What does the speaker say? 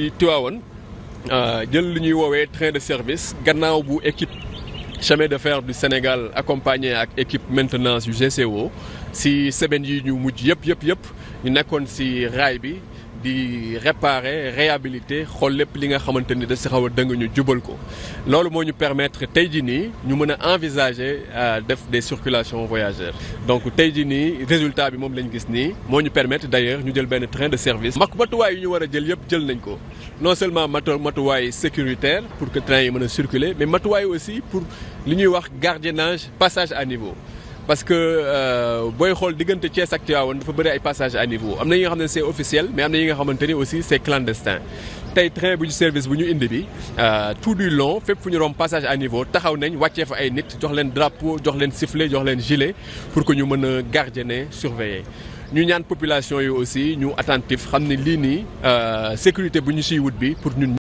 ci Tivaouane euh, jël li ñuy woowee train de service gannaaw bu équipe chemin de fer du Sénégal accompagné ak équipe maintenance yu GCO si semaines yi ñu mujj yëpp yëpp yëpp ñu nekkoon si raay bi di réparer réhabiliter xool lépp li nga xamante ni da si xaw a dëng ñu jubal ko loolu moo ñu permettre tey jii nii ñu mën a envisager euh, def des circulations voyageurs donc tey jii nii résultat bi moom lañu gis nii moo ñu permettre d'ailleurs ñu jël benn train de service mak matuwaay yu ñu war a jël yëpp jël nañ ko non seulement matu matuwaay sécuritaire pour que train yi mën a circuler mais matuwaay aussi pour li ñuy wax gardiennage passage à niveau parce que euh, booy xool diggante Thiès ak Tivaouane dafa bëri ay passage à niveau am na yi nga xam ne c'est officiel mais am na yi nga xamante ni aussi c'est clandestin tey train bu ñu service bu ñu indi bi euh, tout du long fépp fu ñu romb passage à niveau taxaw nañ wàccee fa ay nit jox leen drapeau jox leen sifflet jox leen gilet pour que ñu mën a gardienner surveiller ñu ñaan population yi aussi ñu attentif xam ne lii nii euh, sécurité bu ñu siy bi pour ñun.